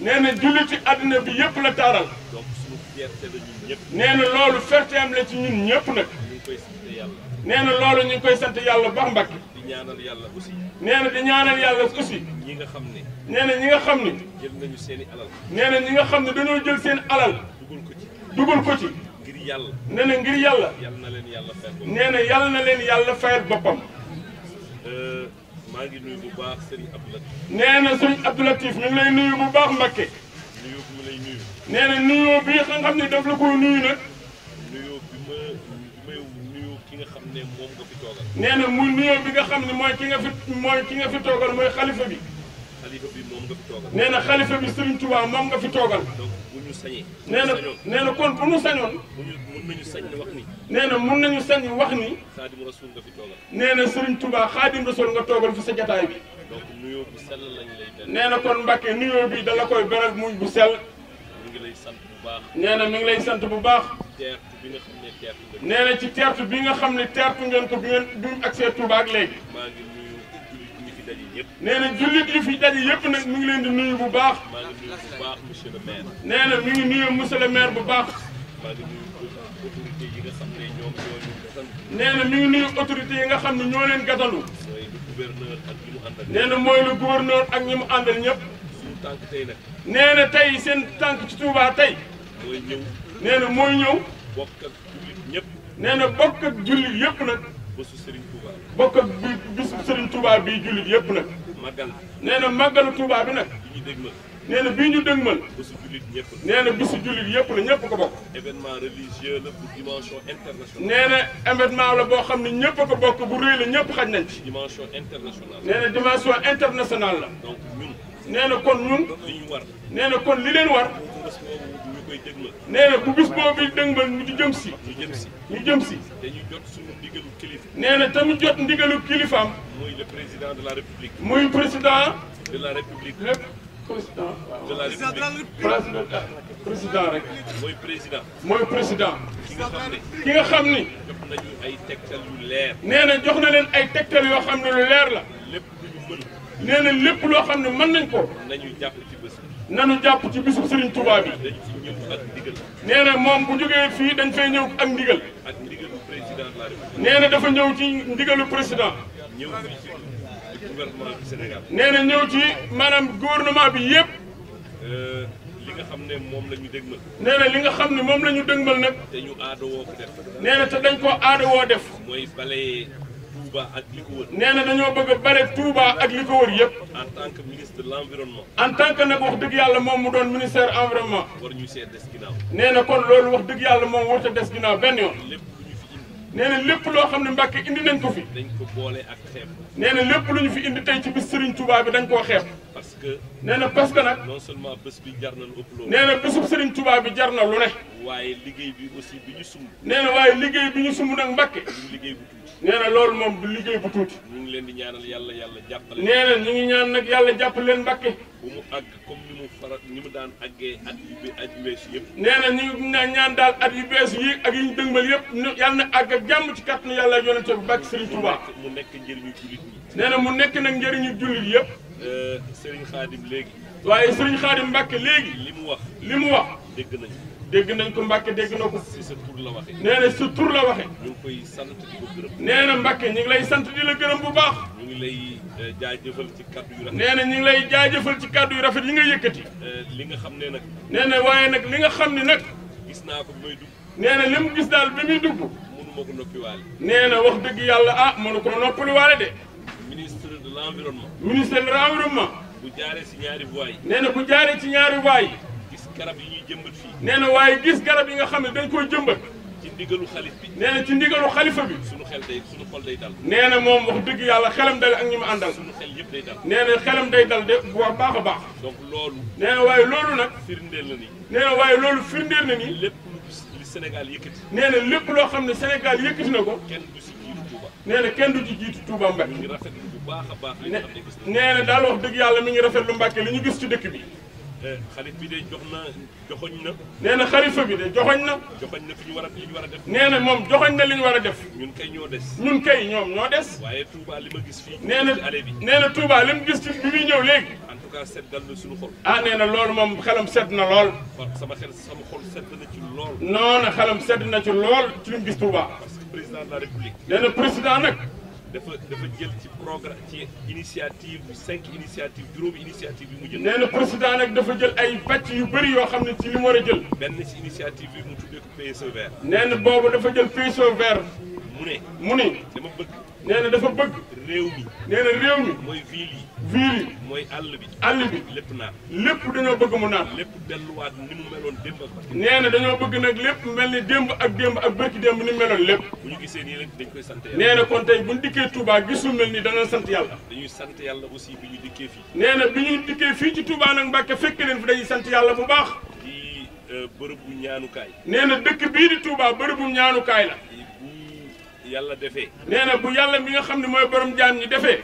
nee na ci àdduna bi yëpp la taaral. nee na loolu fierté la ci ñun ñëpp nag. nee na loolu ñu ngi koy sant yàlla baax mbàkk. di yàlla nee na di ñaanal yàlla aussi. ñi nga xam ne. nee na ñi nga xam ne. jël nañu seen i alal. nee na nga xam ne dañoo jël seen alal. dugal ko ci dugal ko ci. ngir yàlla. nee na ngir yàlla. yàlla na leen yàlla fayal boppam. nee na yàlla na leen yàlla fayal boppam. Euh, maa ngi nuyu bu baax Serigne Abdou Latif. nee na Serigne Abdou mi ngi lay nuyu bu baax Mbakke. nuyu bu lay nuyu. nee na bi nga xam ne daf la nuyu nag. nga xam ne moom nga fi ne mooy ki nga fi mooy ki nga nee na xalifa bi Serigne Touba moom nga fi toogal. donc bu na nee na kon bu sañoon. bu ñu mun nañu sañ wax ni. nee na mun nañu sañ wax ni. xaadim rasul nga fi toogal. nee na Serigne Touba xaadim rasul nga toogal fi sa jataay bi. donc nuyoo bu sell lañ lay beral. nee na kon Mbacke nuyoo bi dala koy beral muñ bu sell. mi ngi lay sant bu baax. nee na mi ngi lay sant bu baax. bi nga xam ne teertu nga. nee na ci teertu bi nga xam ne teertu ngeen ko bi ngeen bi mu agsee Touba ak léegi. nee na jullit yi fi daje yëpp nag mu ngi leen di nuyu bu baax. maa le maire. nee na mi ngi nuyu monsieur le bu baax. maa ngi nga xam ne ñoom ñoo nee na mi ngi nuyu autorité yi nga xam ne ñoo leen gàttalu. mooy le gouverneur ak ñi mu àndal. nee na mooy le gouverneur ak ñi mu àndal ñëpp. suñu tànk tey nee tey seen tànk ci Touba tey. mooy na mooy ñëw. bokk ak jullit ñëpp. nee na bokk ak jullit yëpp nag. bésu Serigne Touba bokk ak bi bésu bii jullit yëpp nag. màggal nee na màggalu Touba bi nag. bi ñu dégmal. nee na bii ñu dégmal. bésu jullit ñëpp la. nee na jullit yëpp la ñëpp ko bokk. événement religieux la bu dimension internationale. nee na événement la boo xam ne ñëpp a ko bokk bu rëy la ñëpp xaj nañ ci. dimension internationale. nee na dimension internationale la. donc nee na kon ñun. li ñu war. nee na kon li leen war. koy dëgmal nee bu bis boobu dëgmal mu di jëm si ñu jëm si ñu jëm si dañuy jot suñu kilifa nee na tamit jot ndigalu kilifaam muy le président de la république muy président de la république lépp président de la république président rek mooy président mooy président ki nga xam ne ki nga xam ni jox nañu ay tegtal yu leer nee na jox na leen ay tegtal yoo xam ne lu leer la lépp lu na lépp loo xam ne mën nañ ko nañu jàpp ci nanu jàpp ci bisub Serigne Touba bi nee na moom bu jógee fii dañ fay ñëw ak ndigal nee na dafa ñëw ci ndigalu président nee na ñëw ci maanaam gouvernement bi yépp li nga xam ne moom la ñu dëgmal. nee na li nga xam ne moom la ñu dëgmal nag. te ñu aadawoo ko def. nee na te dañ ko aadawoo def. mooy balayer Touba ak li nee na dañoo bëgg a bare Touba ak li ko wër yëpp. en tant que ministre en tant que nag wax dëgg yàlla moom mu doon ministère environnement. war ñu seet des ginnaaw. nee na kon loolu wax dëgg yàlla moom warut a des ginnaaw benn yoon. nee na lépp loo xam ne Mbàkke indi nañ ko fi. dañ ko boole ak xeeb. nee na lépp lu ñu fi indi tey ci bis Serigne Touba bi dañ koo xeeb. parce que nee na parce que nag. seulement bés bi jar na lu ëpp loolu. nee bi jar na lu ne. waaye liggéey bi aussi bi ñu sumb. liggéey bi ñu sumb nag Mbàkke. liggéey bu tuuti. nee loolu moom liggéey bu tuuti. ñu ngi leen di ñaanal yàlla yàlla jàppale. nee na ngi ñaan nag yàlla jàppale leen Mbàkke. bu mu àgg comme ni mu faral ni mu daan àggee at yu be bees yëpp. nee na ñu ngi ñaan daal at yu bees yi ak yi ñu dëngbal yëpp yàlla na àgg ak jàmm ci kàttanu yàlla yonente mu nekk njëriñu jullit ñi. nee na mu nekk nag njëriñu jullit yëpp Euh, Serigne Khadim léegi. waaye sëriñ Khadim Mbacke léegi. li mu wax li mu wax. dégg nañ dégg nañ ko Mbacke dégg na ko. si sa tur la waxee. nee na sa tur la waxee. ñu ngi koy sant di ko gërëm. nee na Mbacke ñu ngi lay sant di la gërëm bu baax. ñu ngi lay euh, jaajëfal ci kaddu yu rafet. na ñu ngi lay jaajëfal ci kàddu yu rafet yi nga yëkkati. Euh, li nga xam ne nag. nee na waaye nag li nga xam ne nag. gis naa ko bi may dugg. nee na li mu gis daal bi muy dugg. mënu ma ko noppiwaale. nee wax dëgg yàlla ah mënu ko noppiwaale de de l'environnement. ma de l'environnement. bu jaaree si ñaari voies yi. nee na bu jaaree ci ñaari voies garab yi ñuy jëmbat fii. nee na waaye gis garab yi nga xam ne dañ koo jëmbat. ci ndigalu xalif bi. nee na ci ndigalu xalifa bi. sunu xel day sunu xol day dal. nee na moom wax dëgg yàlla xelam dal ak ñi mu àndal. sunu xel yëpp day dal. nee na xelam day dal de bu baax a baax. donc loolu. nee waaye loolu nag. firndeel na nii nee na waaye loolu firndeel na ni. lépp lu Sénégal yëkkati. nee na lépp loo xam ne Sénégal yëkkati na ko. nee na kenn du ci jiitu Touba Mbacké nee na daal wax dëgg yàlla mi ngi rafetlu Mbacké li ñu gis ci dëkk bi eh, xalif bi de jox na joxoñ na nee na xalifa bi de joxoñ na joxoñ na fi ñu war a li ñu war a def nee na moom joxoñ na li ñu war a def ñun kay ñoo des ñun kay ñoom ñoo des waaye Touba li ma gis fii nee na nee na Touba li mu gis ci bi muy ñëw léegi cas set dal na suñu ah, na loolu moom xelam sedd na lool. sama xel sama xol set na ci lool. non xelam sedd na ci lool ci li mu gis Touba. parce que président nag. dafa dafa jël ci programme ci initiative bu cinq initiative juróomi initiative yi mu jël. nee na président nag dafa jël ay pàcc yu bëri yoo xam ne ci li mu a jël. benn ci initiative bi mu tuddee ko PSE vert. nee na boobu dafa jël PSE vert. mu ne. mu ne. dama dafa bëgg. réew mi. nee na réew mi. mooy ville mooy àll bi. àll bi lépp naat. lépp dañoo bëgg mu naat. lépp delluwaat ni mu meloon démb ak barki. nee na dañoo bëgg nag lépp mel ni démb ak démb ak barki démb ni mu meloon lépp. bu ñu gisee nii rek dañ koy sant yàlla. nee na kon tey bu ñu dikkee Touba gisul mel ni dana sant yàlla. dañuy sant yàlla aussi bi ñu dikkee fii. nee na bi ñu dikkee fii ci Touba nag Mbàkke fekk leen fi dañuy sant yàlla bu baax. di euh, bërëbu ñaanukaay. nee na dëkk bii di Touba bërëbu ñaanukaay la yàlla defee. nee na bu yàlla mi nga xam ne mooy borom jaam ñi defee.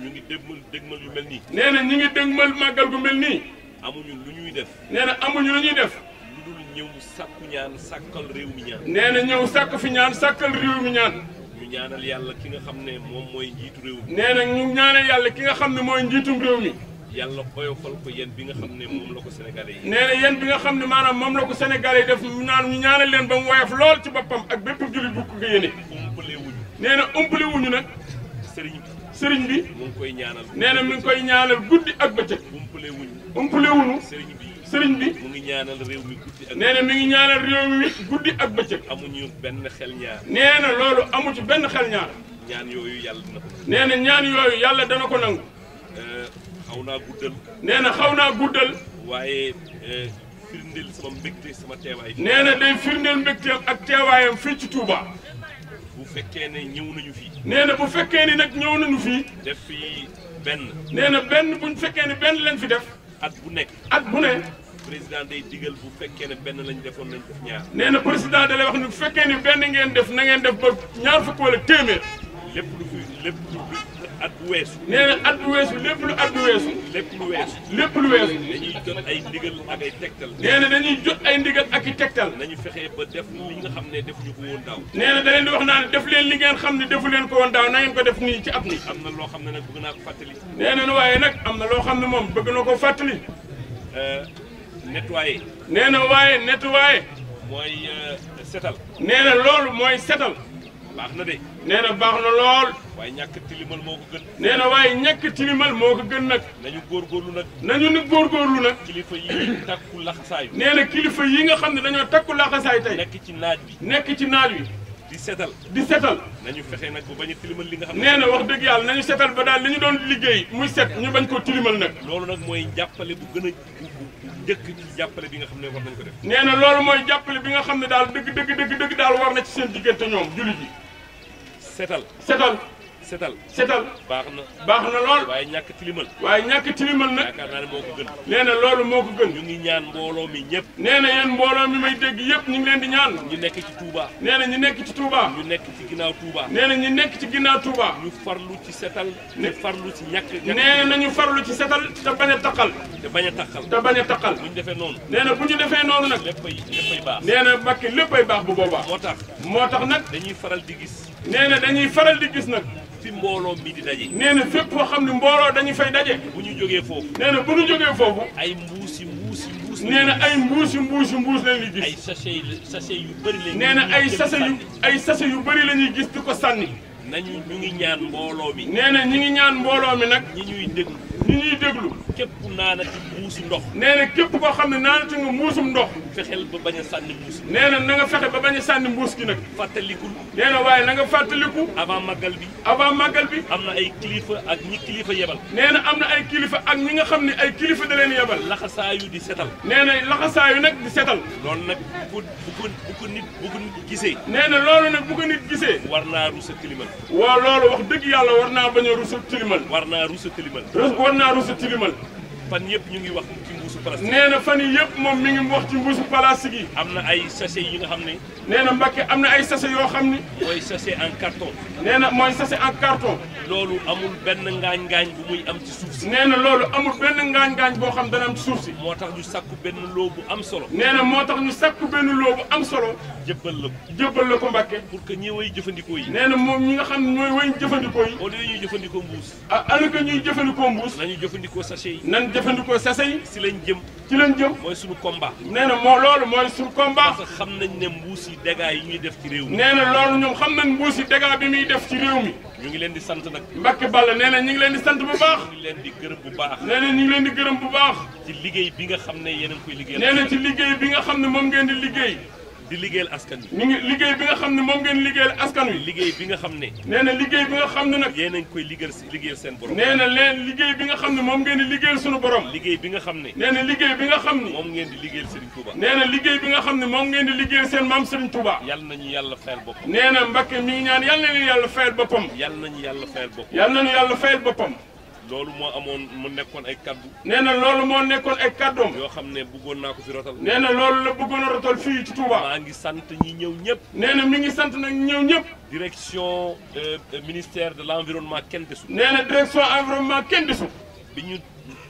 ñu ngi dégmal dégmal yu mel nii. nee na ñu ngi dégmal màggal gu mel ni amuñu lu ñuy def. nee na amuñu lu ñuy def. lu dul ñëw sàkku ñaan sàkkal réew mi ñaan. nee na ñëw sàkk fi ñaan sàkkal réew mi ñaan. ñu ñaanal yàlla ki nga xam ne moom mooy njiitu réew mi. nee na ñu ñaanal yàlla ki nga xam ne mooy njiitum réew mi. yàlla oyofal ko yéen bi nga xam moom la ko sénégalais yi. nee na yéen bi nga xam ne maanaam moom la ko sénégalais yi def ñu naan ñu ñaanal leen ba mu woyof lool ci boppam ak bépp jullit bu ko yéene. umpale wuñu. na umpale sëriñ bi sëriñ ngi koy ñaanal nee na mi ngi koy ñaanal guddi ak bëccëg. umpale wuñu. umpale wuñu. sëriñ bi sëriñ bi. mu ngi ñaanal réew mi guddi ak. nee na mi ngi ñaanal réew mi guddi ak bëccëg. amuñu benn xel ñaar. nee na loolu amu ci benn xel ñaar. ñaan yooyu yàlla dana ko na ñaan yooyu yàlla dana nangu euh, xaw naa guddal. nee na xaw naa guddal. waaye eh, firndeel sama mbégte sama teewaay. nee na day firndeel mbégteem ak teewaayam fii ci Touba. bu fekkee ne ñëw nañu fii. nee na bu fekkee ni nag ñëw nañu fii. def fi benn. nee na benn bu ñu fekkee ne benn lañ fi def. at bu nekk at bu ne. président day digal bu fekkee ne benn lañu defoon nañ def ñaar. nee na président da wax ni bu fekkee ni benn ngeen def na ngeen def ba ñaar fukk wala téeméer. lépp lu fi lépp lu at bu weesu. nee na at lépp lu at bu weesu. lépp lépp lu weesu. dañuy jot ay ndigal ak ay tegtal. nee na dañuy jot ak i tegtal. nañu fexe ba def li nga xam ne def ko woon daaw. nee na da leen di wax naan def leen li ngeen xam ne defu leen ko woon daaw na ngeen ko def nii ci at nii. am na loo xam ne nag bëgg naa ko fàttali. nee na waaye nag am na loo xam ne moom na ko fàttali. Euh, nettoyer. nee na waaye nettoyer. mooy euh, setal. nee na loolu mooy setal. baax na de. nee na baax na lool. waaye ñàkk tilimal moo ko gën. nee na waaye ñàkk tilimal moo ko gën nag. nañu góorgóorlu nag. nañu nu góorgóorlu nag. kilifa yi takku laxasaay. nee na kilifa yi nga xam ne dañoo takku laxasaay tey. nekk ci naaj bi. nekk ci naaj wi. di setal di setal. nañu fexe nag ba bañ a tilimal li nga xam ne. nee na wax dëgg yàlla nañu setal ba daal li ñu doon liggéey muy set ñu bañ ko tilimal nag. loolu nag mooy jàppale bu gën a njëkk ci jàppale bi nga xam ne war nañ ko def. nee na loolu mooy bi nga xam ne daal dëgg dëgg dëgg dëgg daal war na ci seen diggante ñoom jullit yi setal setal setal setal baax na baax na lool waaye ñàkk tilimal waaye ñàkk tilimal nag yaakaar naa ne moo ko gën nee na loolu moo ko ñu ñaan mbooloo mi ñëpp nee na yéen mbooloo mi may dégg yëpp ñu ngi leen di ñaan ñu nekk ci Touba nee na ñu nekk ci Touba ñu nekk ci ginnaaw Touba nee na ñu nekk ci ginnaaw Touba ñu farlu ci setal ne farlu ci ñàkk nee na ñu farlu ci setal te bañ a taqal te bañ a taqal te bañ a taqal bu ñu defee noonu nee na bu ñu defee noonu nag léppay léppay baax nee na Mbàkke léppay moo tax moo tax nag dañuy faral di gis nee na dañuy faral di gis nag. fi mbooloo mi di daje. nee na fépp foo xam ne mbooloo dañuy fay daje. bu ñu jógee foofu. nee na bu ñu jógee foofu. ay mbuusi mbuusi mbuus. nee na ay mbuusi mbuusi mbuus lañuy gis. ay sachet sachet yu bëri lañuy. nee na ay sachet ay sachet yu bëri lañuy gis di ko sànni. nañu ñu ngi ñaan mbooloo mi. nee na ñu ngi ñaan mbooloo mi nag. ñi ñuy déglu. ñi ñuy déglu. képp naanati mbuusi ndox. nee na képp koo xam ne naanati nga mbuusum ndox. fexeel ba bañ a sànni mbuus. nee na na nga fexe ba bañ a sànni mbuus gi nag. fàttalikul. nee waaye nanga nga fàttaliku. avant màggal bi. avant màggal bi. am na ay kilifa ak ñi kilifa yebal. nee na am na ay kilifa ak ñi nga xam ne ay kilifa da leen yebal. laxasaayu di setal. nee na laxasaayu nag di setal. loolu nag bu ko nit bu ko nit gisee. nee na loolu nag bu ko nit gisee. war naa rusa kilimal. waaw loolu wax dëgg yàlla war naa bañ a rusa tilimal war naa rusa tilimal war naa rusa tilimal fan yëpp ñu ngi wax ci mbuusu plastique nee na fan yi yëpp moom mi ngi wax ci mbuusu plastique yi am na ay sachet yi nga xam ne nee na Mbacke am na ay sachet yoo xam ni mooy sase en carton nee na mooy sachet en carton loolu amul benn ngaañ-ngaañ bu muy am ci suuf si nee na loolu amul benn ngaañ-ngaañ boo xam dana am ci suuf si moo tax ñu sakku benn loo am solo nee na moo tax ñu sakku benn loo bu solo jëbbal la ko jëbbal la ko Mbàkke pour que ñi way jëfandikoo yi nee na moom ñi nga xam ne ñooy way jëfandikoo yi oh, au lieu ñuy jëfandikoo mbuus a alors que ñuy jëfandikoo mbuus nañu jëfandikoo sachet yi nan jëfandikoo sachet yi si lañ jëm ci lañ jëm mooy suñu combat nee na moo loolu mooy suñu combat parce xam nañ ne mbuus yi dégâts yi ñuy def ci réew mi nee na loolu ñoom xam nañ mbuus yi dégâts bi muy def ci réew mi ñu ngi leen di sant nag Mbàkke Balla nee na ñu ngi leen di sant bu baax ngi leen di gërëm bu baax nee na ñu leen di gërëm bu baax ci liggéey bi nga xam ne yéen a koy liggéey nee na ci liggéey bi nga xam ne moom ngeen di liggéey di liggéeyal askan wi ñu ngi liggéey bi nga xam ne moom ngeen liggéeyal askan wi liggéey bi nga xam ne nee na liggéey bi nga xam ne nag yéen a ngi koy liggéeyal liggéeyal seen borom nee na leen liggéey bi nga xam ne moom ngeen di liggéeyal suñu borom liggéey bi nga xam ne nee na liggéey bi nga xam ne moom ngeen di liggéeyal Serigne Touba nee na liggéey bi nga xam ne moom ngeen di liggéeyal seen maam Serigne Touba yal nañu yàlla fayal boppam nee na Mbakke mi ngi ñaan yal nañu yàlla fayal boppam yal nañu yàlla fayal boppam yal nañu yàlla fayal boppam loolu moo amoon mu nekkoon ay kaddu. nee na loolu moo nekkoon ay kaddoom. yoo xam ne buggoon naa ko fi rotal. nee na loolu la bëggoon a rotal fii ci Touba. maa ngi sant ñi ñëw ñëpp. nee na mi ngi sant nag ñëw ñëpp. direction euh, euh, ministère de l' environnement kenn desul. nee na direction environnement kenn desul. bi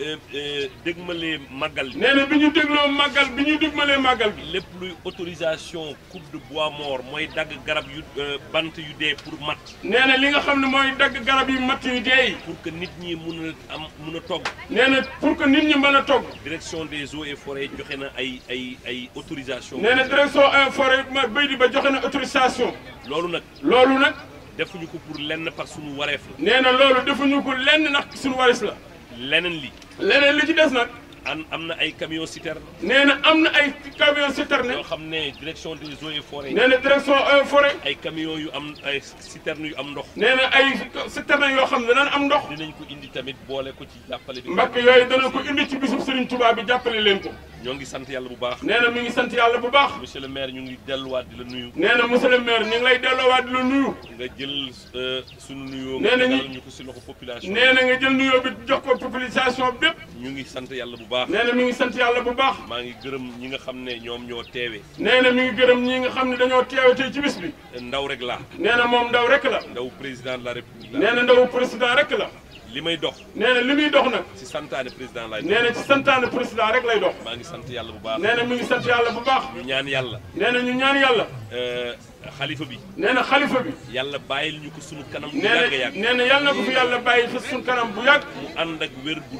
Euh, euh, dégmalee màggal bi. nee na bi ñu dégloo màggal bi ñu dégmalee màggal bi. lépp luy autorisation coupe de bois mort mooy dagg garab yu euh, bant yu dee pour mat nee na li nga xam ne mooy dagg garab yu matt yu dee yi. pour que nit ñi mun a am mun a togg. nee na pour que nit ñi mën a togg. direction des eaux et forêts joxe na ay ay ay autorisation. nee na direction eaux et forêts béy di ba joxe na autorisation. loolu nag. loolu nag. defuñu ko pour lenn par suñu wareef la. nee na loolu defuñu lenn ndax suñu wareef la. leneen li leneen li ci des nag. an am na ay camion citerne. nee na am na ay camion citerne. yoo xam ne direction des eaux et forêts. nee na direction eaux et forêts. ay camion yu am ay citerne yu am ndox. nee na ay citerne yoo xam ne danañ am ndox. dinañ ko indi tamit boole ko ci jàppale bi. mbakk yooyu danañ ko indi ci bisub Serigne jàppale leen ko. ñoo ngi sant yàlla bu baax nee na mi ngi sant yàlla bu baax monsieur maire ñu ngi delluwaat di la nuyu nee na monsieur le maire ñu ngi lay delluwaat di la nuyu nga jël euh, sunu nuyoo nee na ñu ko si loxo population nee na nga jël nuyoo bi jox ko population bépp ñu ngi sant yàlla bu baax nee na mi ngi sant yàlla bu baax maa ngi gërëm ñi nga xam ne ñoom ñoo teewe nee na mi ngi gërëm ñi nga xam ne dañoo teewe tey ci bis bi ndaw rek la nee na moom ndaw rek la ndaw président de la république nee na ndaw président rek la li may dox nee na li muy dox nag ci santaane président lay nee na ci président rek lay dox maa ngi sant yàlla bu baax nee na mu ngi sant yàlla bu baax ñu ñaan yàlla nee na ñu ñaan yàlla euh, xalifa bi nee na xalifa bi yàlla bàyyil ñu ko sunu kanam bu yàgg yàgg nee na yàlla yàlla bàyyi sunu kanam bu yàgg mu ànd ak wér bu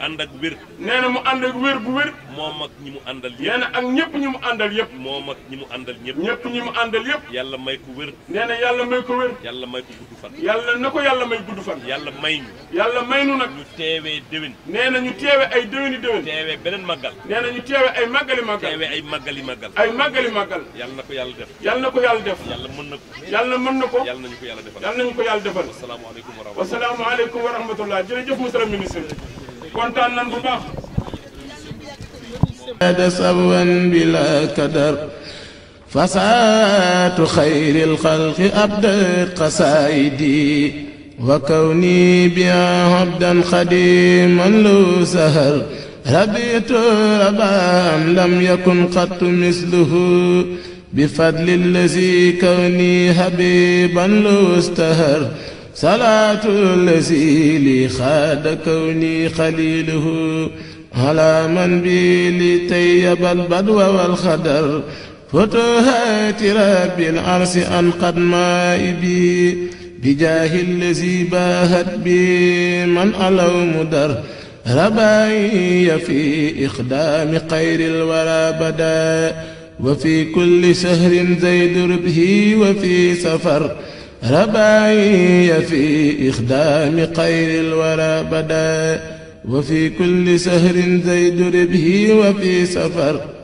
ànd ak wér. nee na mu ànd ak wér bu wér. moom ak ñi mu àndal yëpp. nee na ak ñëpp ñi mu àndal yëpp. moom ak ñi mu àndal ñëpp. ñëpp ñi mu àndal yëpp. yàlla may ko wér. nee na yàlla may ko wér. yàlla may ko gudd fan. yàlla na ko yàlla may gudd fan. yàlla may ñu. yàlla may ñu nag. ñu teewee déwén. nee na ñu teewee ay déwéni déwén. teewee beneen màggal. nee na ñu teewee ay màggali màggal. teewee ay màggali màggal. ay màggali màggal. yàlla na ko yàlla def. yàlla na ko yàlla def. yàlla mën na ko. yàlla mën na ko. yàlla nañu ko yàlla defal. yàlla nañu ko yàlla defal. wasalaamaaleykum wa rahmatulah jërëjëf monsieur le ministre kontaan nan bu baax da sabwan bila kadar fasaatu xayril xalqi abdat qasaayidi wa kawni bi abdan xadiman lu sahar rabitu rabam lam yakun qattu misluhu bi fadli lazi kawni habiban lu stahar salaatu lazi li xaada kawni xaliluhu ala man bi li tayyabal badwa wal xadar futuhaati rabbil arsi an qad maa'i bi bijaahi lazi baahat bi man alaw mudar rabaaya fi iqdaami xayril wara bada wa fi kulli sahrin zayd rubhi wa fi safar رباعي في إخدام خير الورى بدا وفي كل سهر زيد ربه وفي سفر